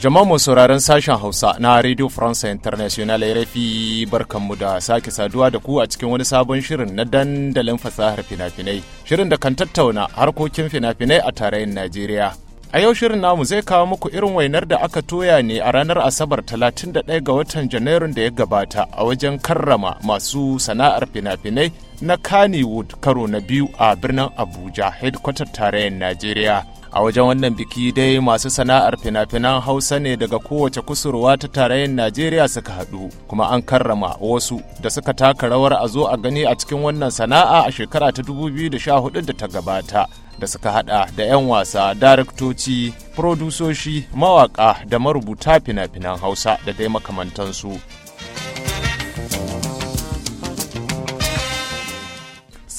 Jama'a mu sauraron sashen Hausa na Radio France International RFI barkanmu da sake saduwa da ku a cikin wani sabon shirin na dandalin fasahar fina-finai. Shirin da kan tattauna harkokin fina-finai a tarayyar Najeriya. A yau shirin namu zai kawo muku irin wainar da aka toya ne a ranar Asabar 31 ga watan Janairun da ya gabata a wajen karrama masu sana'ar fina-finai na Kannywood karo na biyu a birnin Abuja, headquarter tarayyar Najeriya. a wajen wannan biki dai masu sana'ar fina-finan hausa ne daga kowace kusurwa ta tarayyar najeriya suka haɗu kuma an karrama wasu da suka taka rawar a zo a gani a cikin wannan sana'a a shekara ta 2014 da ta gabata da suka hada da 'yan wasa daraktoci furodusoshi mawaka da marubuta fina-finan hausa da dai makamantansu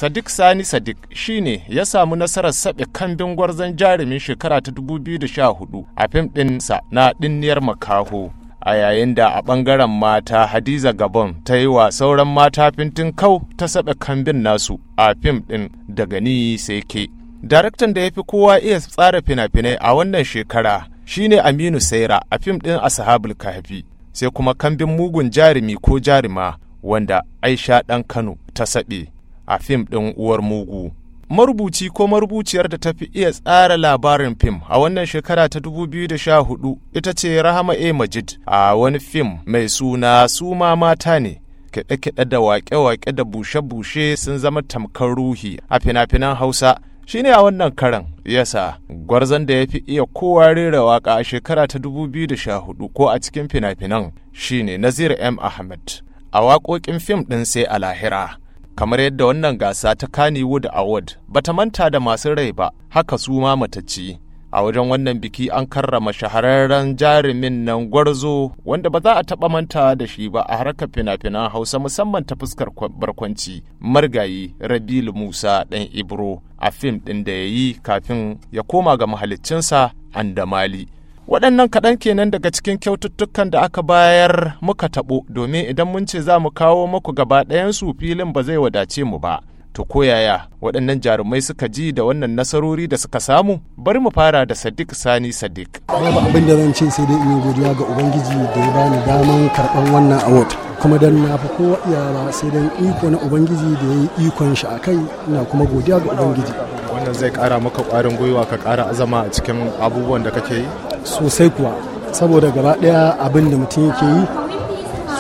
Sadiq Sani Sadiq shi ne ya samu nasarar saɓe kambin gwarzon jarumin shekara ta 2014 a fim ɗinsa na ɗinniyar makaho. A yayin da a ɓangaren mata Hadiza Gabon ta yi wa sauran mata fintin kau ta saɓe kambin nasu a fim ɗin daga ni sai ke. Daraktan da ya fi kowa iya tsara fina-finai a wannan shekara shine Aminu Saira a fim ɗin Asahabul Kahfi. Sai kuma kambin mugun jarumi ko jarima wanda Aisha ɗan Kano ta saɓe. a fim ɗin uwar mugu marubuci ko marubuciyar da tafi iya tsara labarin fim a wannan shekara ta 2014 ita ce rahama a majid a wani fim mai suna suma mata ne kiɗe-kiɗe da waƙe-waƙe da bushe-bushe sun zama tamkar ruhi a fina-finan hausa ne a wannan karan yasa gwarzon da ya fi iya kowa rera waƙa a shekara ta 2014 ko a cikin fina-finan ne nazir m ahmed a waƙoƙin fim ɗin sai a lahira kamar yadda wannan gasa ta kani wood Award bata manta da masu rai ba haka su ma matacci. A wajen wannan biki an karrama shahararren jarumin nan gwarzo wanda ba za a taɓa manta da shi ba a harkar fina-finan Hausa musamman ta fuskar barkwanci margayi Rabilu Musa dan Ibro a fim ɗin da ya yi kafin ya koma ga mahaliccinsa Andamali. waɗannan kaɗan kenan daga cikin kyaututtukan da aka bayar muka taɓo domin idan mun ce za mu kawo muku gaba ɗayansu filin ba zai wadace mu ba to koyaya waɗannan jarumai suka ji da wannan nasarori da suka samu bari mu fara da sadiq sani sadiq babu abin da zan ce sai dai in godiya ga ubangiji da ya bani daman karɓan wannan award kuma dan na fi kowa iyala sai dan iko na ubangiji da ya yi ikon shi a kai ina kuma godiya ga ubangiji wannan zai kara maka kwarin gwiwa ka kara azama a cikin abubuwan da kake yi sosai kuwa saboda gaba ɗaya abin da mutum yake yi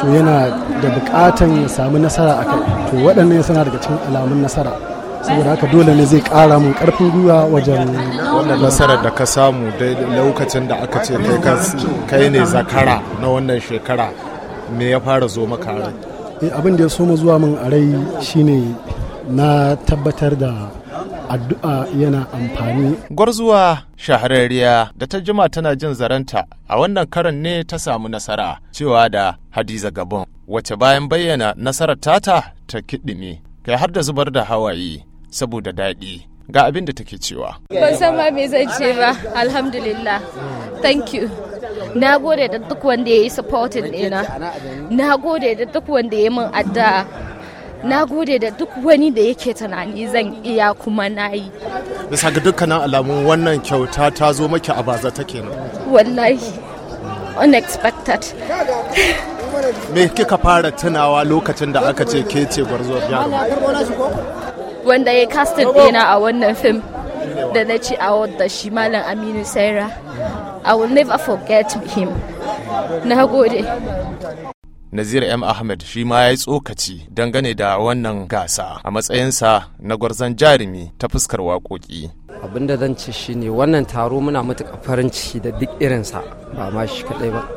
so yana da bukatan ya samu nasara a kai to waɗannan suna daga cikin alamun nasara saboda haka dole ne zai kara mun karfin gwiwa wajen wannan nasarar da ka samu dai lokacin da aka ce kai ne zakara na wannan shekara me ya fara zo maka rai eh, abin da ya soma zuwa min a rai shine na tabbatar da addu'a yana amfani. Gwarzuwa shahararriya da ta jima tana jin zaranta a wannan karan ne ta samu nasara cewa da Hadiza Gabon wace bayan bayyana nasarar tata ta kiɗime kai har da zubar da hawaye saboda daɗi ga abin da take cewa. Ban san ma me zan ce ba, alhamdulillah. Thank you. Na gode da duk wanda ya yi supporting ɗina. Na gode da duk wanda ya min addu'a. na gode da duk wani da yake tunani zan iya kuma na yi bisa ga dukkanin alamun wannan kyauta ta zo maki a baza ta kenan wallahi unexpected me kika fara tunawa lokacin da aka ce ke ce gwarzuwar wanda ya kastin dina a wannan fim da na ci award da shi malam aminu saira i will never forget him na gode Nazir M. Ahmed shi ma ya yi tsokaci dangane da wannan gasa a matsayinsa na gwarzon jarumi ta fuskar waƙoƙi. Abin da zan ce shi ne wannan taro muna matuƙa farin ciki da duk irinsa ba ma shi kaɗai ba.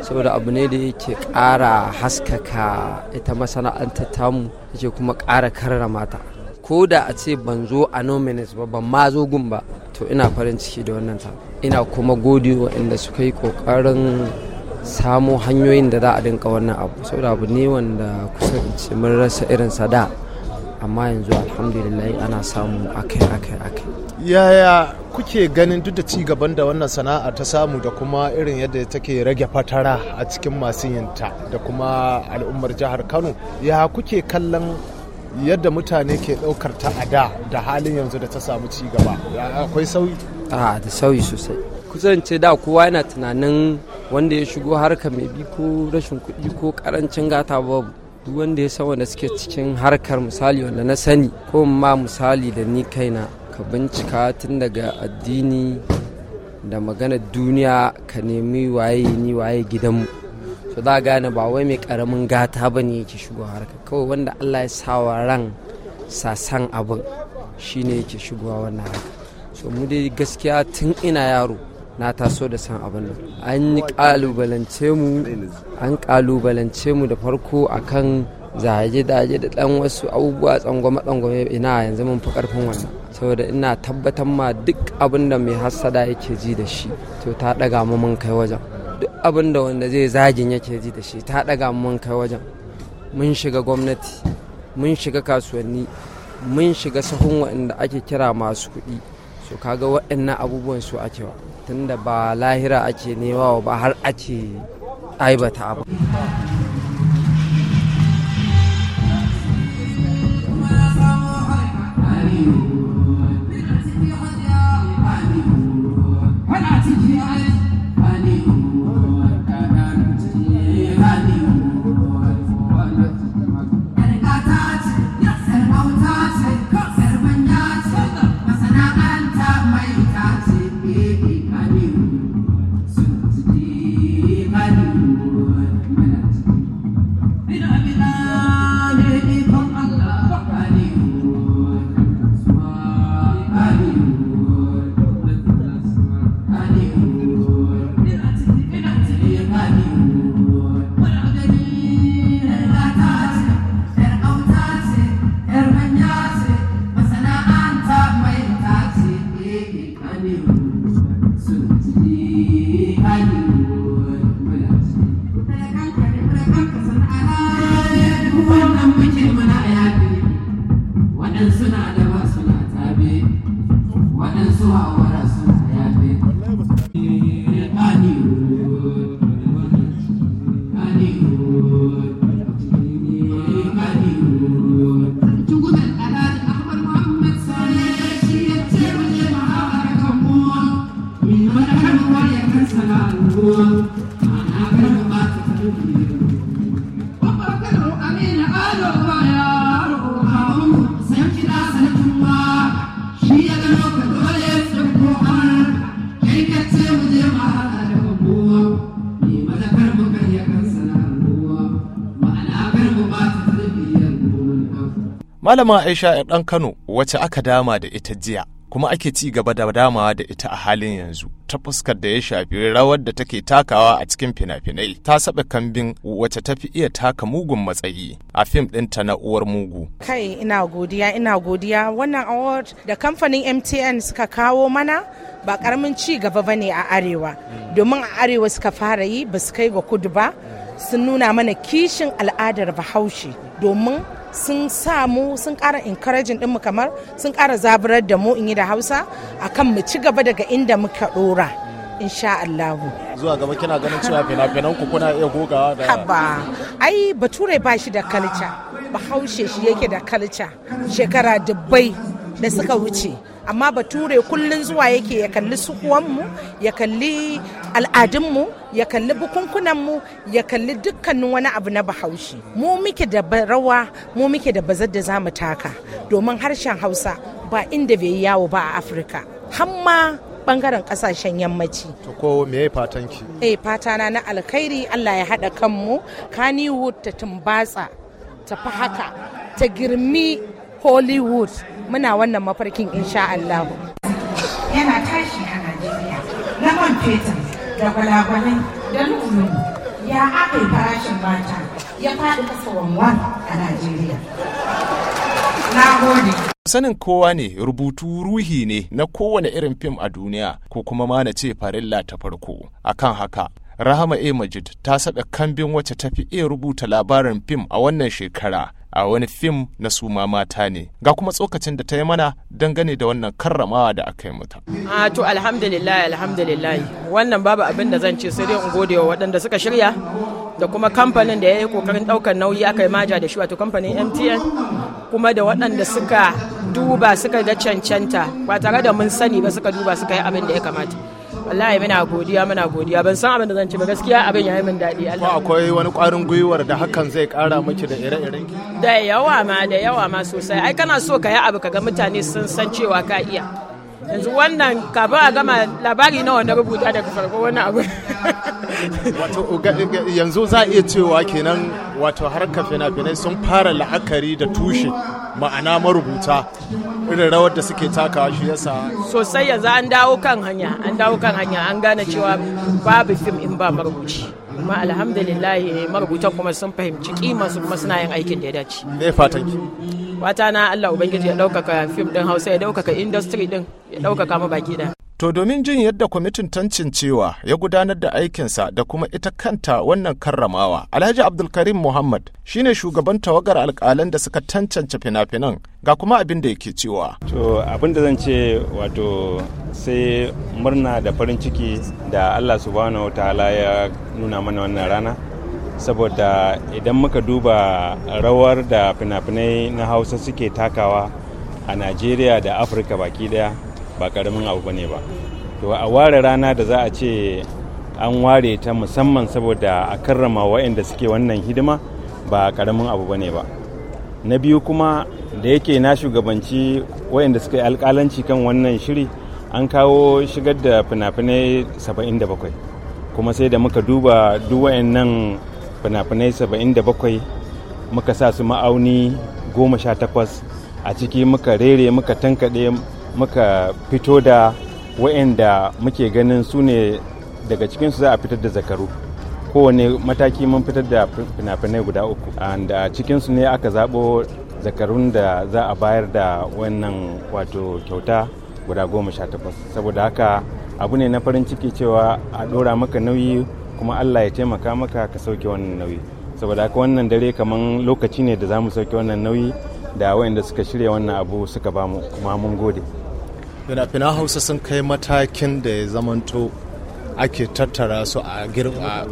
Saboda abu ne da yake ƙara haskaka ita masana'antar tamu yake kuma ƙara karrama ta. Ko da a ce ban zo a nominis ba ban ma zo gun ba to ina farin ciki da wannan taro. Ina kuma gode wa inda suka yi ƙoƙarin samo hanyoyin da za a dinka wannan abu saboda abu ne wanda kusan ce mun rasa irin sada amma yanzu alhamdulillah ana samu akai akai akai yaya kuke ganin duk da ci gaban da wannan sana'a ta samu da kuma irin yadda take rage fatara a cikin masu yinta da kuma al'ummar jihar kano ya kuke kallon yadda mutane ke ɗaukar ta a da da halin yanzu da ta samu ci gaba akwai sauyi a da sauyi sosai Kusan ce da kowa yana tunanin wanda ya shigo harka mai bi ko rashin kuɗi ko karancin gata babu duk wanda ya san da suke cikin harkar misali wanda na sani ko ma misali da ni kaina ka bincika tun daga addini da maganar duniya ka nemi waye ni waye gidanmu so za gane ba wai mai karamin gata ba ne yake shigo harka kawai wanda allah ya sawa ran sasan abin shine yake shigowa wannan harka so mu dai gaskiya tun ina yaro na taso da san abin nan an yi kalubalance mu an kalubalance mu da farko akan zage zage da dan wasu abubuwa tsangwama-tsangwama. ina yanzu mun fi karfin wannan saboda ina tabbatar ma duk abin da mai hassada yake ji da shi to ta daga mu mun kai wajen duk abin da wanda zai zagin yake ji da shi ta daga mu mun kai wajen mun shiga gwamnati mun shiga kasuwanni mun shiga sahun waɗanda ake kira masu kuɗi so kaga waɗannan abubuwan su ake wa tunda ba lahira ake nema ba har ake aibata abu Malama Aisha ɗan Kano wace aka dama da ita jiya kuma ake ci gaba da damawa da ita a halin yanzu ta fuskar da ya shafi rawar da take takawa a cikin fina-finai ta saba kambin wacce ta fi iya taka mugun matsayi a fim ɗinta na uwar mugu kai ina godiya ina godiya wannan award da kamfanin mtn suka kawo mana ba karamin ci gaba ba ne a arewa domin a arewa suka fara yi ba su kai ga kudu ba sun nuna mana kishin al'adar bahaushe domin sun sa mu sun ƙara encouraging ɗinmu kamar sun ƙara zaburar da mu in yi da hausa akan mu ci gaba daga inda muka ɗora. insha Allahu. Zuwa gaba kina ganin cewa fina-finan ku kuna iya gogawa da Haba. Ai bature ba shi da kalca. Bahaushe shi yake da kalca. Shekara dubbai da suka wuce amma ba ture kullum zuwa yake ya kalli sukuwanmu ya kalli al'adunmu ya kalli bukunkunanmu ya kalli dukkanin wani abu na bahaushe mu muke da rawa mu muke da bazar da zamu taka domin harshen hausa ba inda bai yi yawo ba a afirka hamma bangaren kasashen yammaci. To ko me ya fatan ki? Eh fatana na alkhairi Allah ya haɗa kanmu Kaniwood ta tumbatsa ta fi haka ta girmi hollywood muna wannan mafarkin insha Allah. yana tashi a najeriya na man fetur da gwalagwalai da lulu ya aka farashin mata ya faɗi kasa wanwan a najeriya na gode sanin kowa ne rubutu ruhi ne na kowane irin fim a duniya ko kuma ma na ce farilla ta farko akan haka rahama a majid ta saɗa kambin wacce ta fi iya rubuta labarin fim a wannan shekara a wani fim na suma mata ne ga kuma tsokacin da ta yi mana dangane da wannan karramawa da aka yi mata. a to alhamdulillah alhamdulillah wannan babu abin da zan ce sai dai in gode wa waɗanda suka shirya da kuma kamfanin da ya yi kokarin ɗaukar nauyi aka yi maja da shi wato kamfanin mtn kuma da waɗanda suka duba suka ga cancanta ba tare da mun sani ba suka duba suka yi abin da ya kamata wallahi muna godiya muna godiya ban san abin da zan ci ba gaskiya abin ya yi min daɗi Allah akwai wani ƙwarin gwiwar da hakan zai ƙara miki da ire-iren da yawa ma da yawa ma sosai ai kana so ka yi abu ga mutane sun san cewa ka iya yanzu wannan kafin a gama labari nawa na rubuta daga farko wani abu wato yanzu za iya cewa kenan wato harkar fina-finai sun fara la'akari da tushe ma'ana marubuta irin rawar da suke takawa shi yasa sosai yanzu an dawo kan hanya an dawo kan hanya an gane cewa babu fim in ba marubuci amma alhamdulillah marubutan kuma sun fahimci kima su kuma suna yin aikin da ya dace Ne fatan ki wata na Allah ubangiji ya ɗaukaka fim ɗin Hausa ya ɗaukaka industry ɗin ya ɗaukaka mu baki ɗaya. To domin jin yadda kwamitin tancin cewa ya gudanar da aikinsa da kuma ita kanta wannan karramawa, Alhaji Abdulkarim Muhammad shine shugaban tawagar alkalan da suka tancance fina-finan ga kuma abin da yake cewa. To abin da zan ce wato sai murna da farin ciki da Allah subhanahu wa ta'ala ya nuna mana wannan rana. saboda idan muka duba rawar da fina-finai na hausa suke takawa a najeriya da afirka baki daya ba karamin abu bane ba to a ware rana da za a ce an ware ta musamman saboda a karrama waɗanda suke wannan hidima ba karamin abu bane ba na biyu kuma da yake na shugabanci waɗanda suka yi alkalanci kan wannan shiri an kawo shigar da fina-finai 77 kuma sai da muka duba duk waɗannan fina-finai 77 muka sa su ma'auni 18 a ciki muka rere muka tankaɗe muka fito da wa'anda muke ganin su ne daga cikinsu za a fitar da zakaru kowane mataki mun fitar da fina-finai guda uku a cikinsu ne aka zaɓo zakarun da za a bayar da wannan wato kyauta guda goma sha takwas saboda haka abu ne na farin ciki cewa a ɗora maka nauyi kuma Allah ya taimaka maka ka sauke wannan nauyi saboda haka wannan dare kaman lokaci ne da za mu sauke wannan nauyi da wayanda suka shirya wannan abu suka ba mu kuma mun gode fina-finan hausa sun kai matakin da ya zamanto ake tattara su a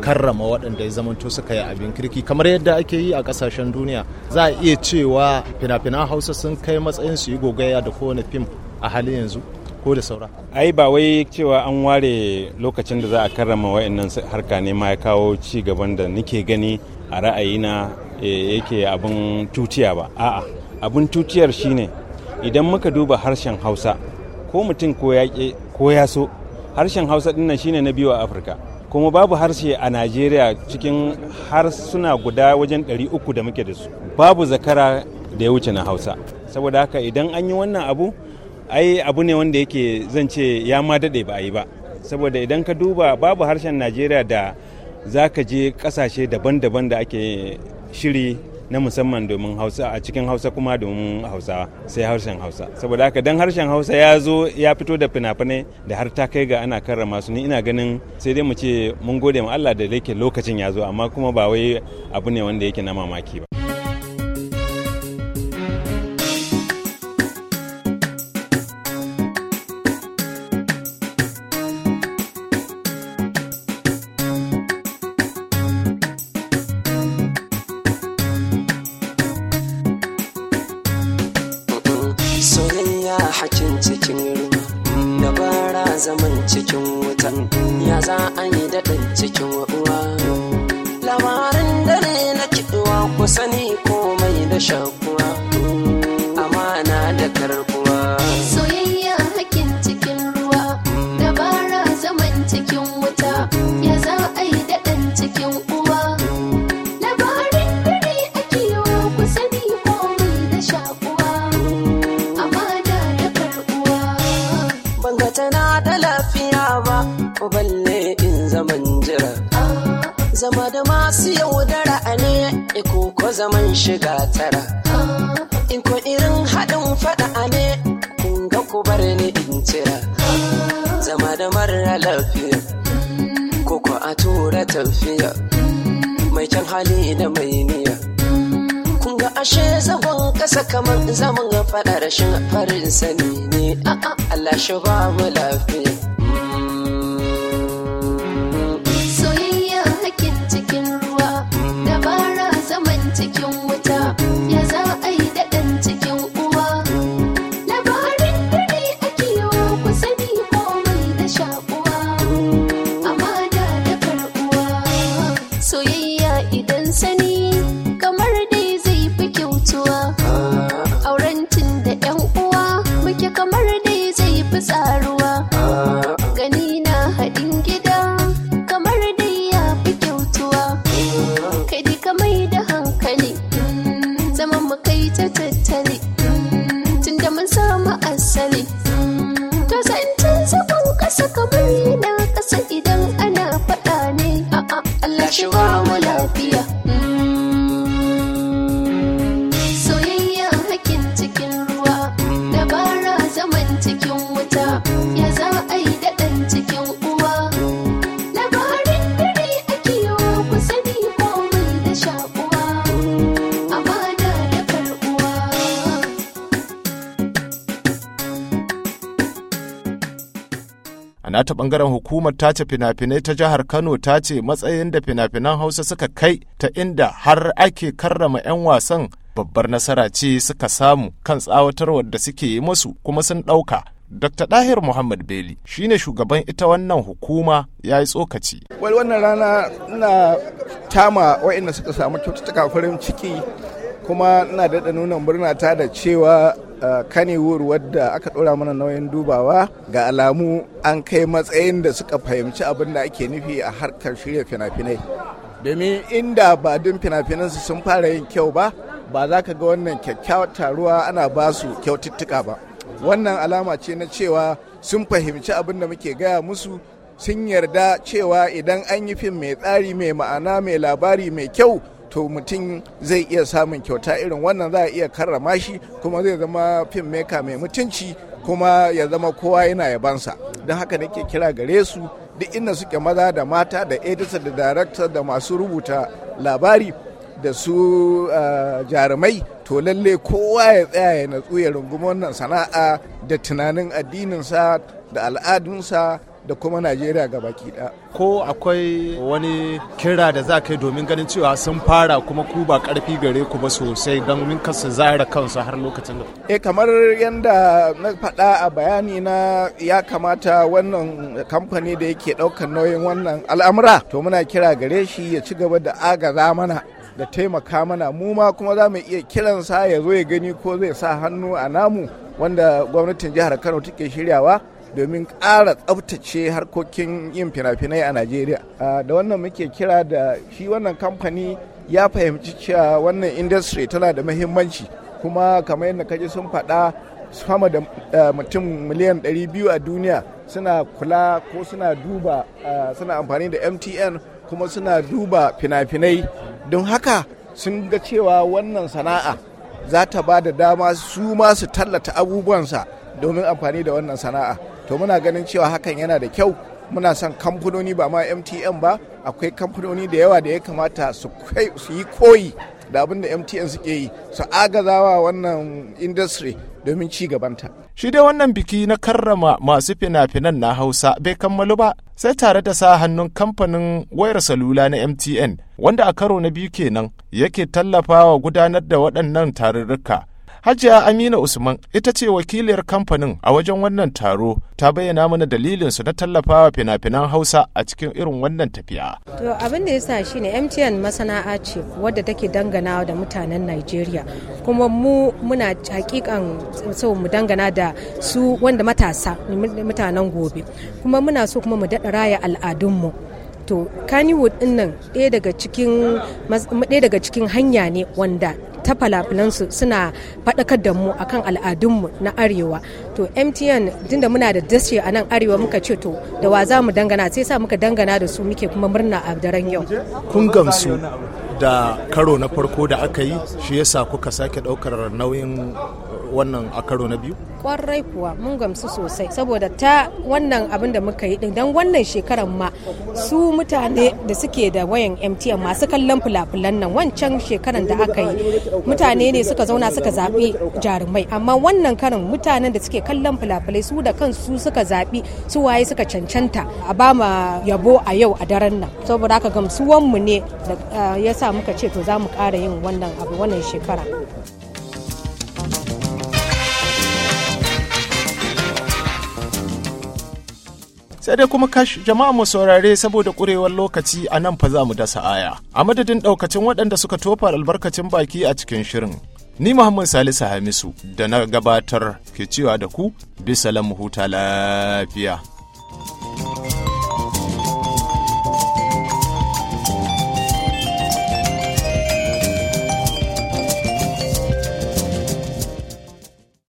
karrama waɗanda ya zamanto suka yi abin kirki kamar yadda ake yi a ƙasashen duniya za a iya cewa fina-finan hausa sun kai matsayin su yi gogaya da kowane fim a halin yanzu ko da saura ai ba wai cewa an ware lokacin da za a karrama wayannan harka ne ma ya kawo ci gaban da nake gani a ra'ayina eh, yake abin tutiya ba a'a abin tutiyar shine idan muka duba harshen hausa ko mutum ko ya ko ya so harshen hausa nan shine na biyu a afirka kuma babu harshe a najeriya cikin harsuna guda wajen 300 da muke da su babu zakara da ya wuce na hausa saboda haka idan an yi wannan abu ai abu ne wanda yake zan ce ya ma daɗe ba a yi ba saboda idan ka duba babu harshen najeriya da za ka je kasashe daban-daban da ake shiri na musamman domin hausa a cikin hausa kuma domin hausa sai harshen hausa saboda haka dan harshen hausa ya zo ya fito da fina-finai da har ta kai ga ana karrama su ni ina ganin sai dai mu ce mun gode ma Allah da yake lokacin ya zo amma kuma ba wai abu ne wanda yake na mamaki ba wuta ya za a yi daɗin cikin uwa labarin dare ake wa ku sani komai da shakuwa amana da karɓuwa ban ga tana da lafiya ba ko balle in zaman jira zama da masu yaudara ne ko ko zaman shiga tara zaman ga faɗa rashin farin sani ne a'a Allah shi ba mu lafiya a nata bangaren hukumar tace fina-finai ta jihar kano ta ce matsayin da fina-finan hausa suka kai ta inda har ake karrama 'yan wasan babbar nasara ce suka samu kan tsawatarwar da suke yi musu kuma sun ɗauka Dr. Dahir Muhammad Beli shine shugaban ita wannan hukuma ya yi tsokaci. Wal wannan rana na tama waɗanda suka samu kyaututtuka farin ciki kuma ina daɗa nuna murna ta da cewa kanewar wadda aka ɗora mana nauyin dubawa ga alamu an kai matsayin da suka fahimci abin da ake nufi a harkar shirya fina-finai domin inda ba din fina-finansu sun fara yin kyau ba ba za ka ga wannan kyakkyawar taruwa ana ba su kyaututtuka ba wannan alama ce na cewa sun fahimci abin da muke gaya musu sun yarda cewa idan an yi fim mai tsari mai ma'ana mai labari mai kyau to mutum zai iya samun kyauta irin wannan za a iya karrama shi kuma zai zama fim meka mai mutunci kuma ya zama kowa yana yabansa don haka nake kira gare su duk inda suke maza da mata da editor da director da masu rubuta labari da su eh, jarumai to lalle kowa ya tsaya ya natsu ya rungumi wannan sana'a da tunanin addininsa da al'adunsa da kuma najeriya ga baki ko akwai wani kira da za kai domin ganin cewa sun fara kuma ku ba karfi gare ku ba sosai don min kasu zara kansu har lokacin da eh kamar yadda na faɗa a bayani na ya kamata wannan kamfani da yake ɗaukar nauyin wannan al'amura to muna kira gare shi ya ci gaba da agaza mana da taimaka mana mu ma kuma za mu iya kiransa ya zo ya gani ko zai sa hannu a namu wanda gwamnatin jihar kano take shiryawa domin ƙara tsabtace harkokin yin fina-finai a najeriya da wannan muke kira da shi wannan kamfani ya fahimci cewa wannan industry tana da mahimmanci kuma kamar yadda kaji sun faɗa sama da e, mutum miliyan 200 a duniya suna kula ko suna duba e, suna amfani da mtn kuma suna duba fina-finai don haka sun ga cewa wannan sana'a za ta ba da dama su ma su tallata abubuwansa domin amfani da wannan sana'a to muna ganin cewa hakan yana da kyau muna son kamfanoni ba ma mtn ba akwai kamfanoni da yawa da ya kamata su yi koyi da abin da mtn suke yi su agazawa wannan industry domin ci gabanta shi dai wannan biki na karrama masu fina-finan na hausa bai kammalu ba sai tare da sa hannun kamfanin wayar salula na mtn wanda a karo na biyu kenan yake tallafawa gudanar da waɗannan tarurruka Hajiya Amina Usman ita ce wakiliyar kamfanin a wajen wannan taro ta bayyana mana dalilin su na tallafawa fina-finan Hausa a cikin irin wannan tafiya. To abin da yasa shine MTN masana'a ce wadda take dangana da mutanen Najeriya kuma mu muna hakikan so mu dangana da su wanda matasa mutanen gobe kuma muna so kuma mu daɗa raya al'adunmu to kaniwood din nan ɗaya daga cikin hanya ne wanda ta falafilansu suna faɗakar da mu akan al'adunmu na arewa to mtn tunda muna da dashe a nan arewa muka ce to da wa za mu dangana sai sa muka dangana da su muke kuma murna a daren yau kun gamsu da karo na farko da aka yi shi yasa kuka sake ɗaukar nauyin wannan a karo na biyu kwarai kuwa mun gamsu sosai saboda ta wannan abin da muka yi din dan wannan shekaran ma su mutane da suke da wayan MTN masu kallon fulafulan nan wancan shekaran da aka yi mutane ne suka zauna suka zaɓi jarumai amma wannan karin mutanen da suke kallon fulafulai su da kansu suka zaɓi su waye suka cancanta a ba ma yabo a yau a daren nan saboda haka mu ne da eh, ya sa muka ce to za mu ƙara yin wannan abu wannan shekara sai dai kuma kash jama'a mu saurare saboda kurewar lokaci a nan fa za mu dasa aya a madadin daukacin waɗanda suka tofa albarkacin baki a cikin shirin ni muhammad salisu hamisu da na gabatar ke cewa da ku bisa lamu huta lafiya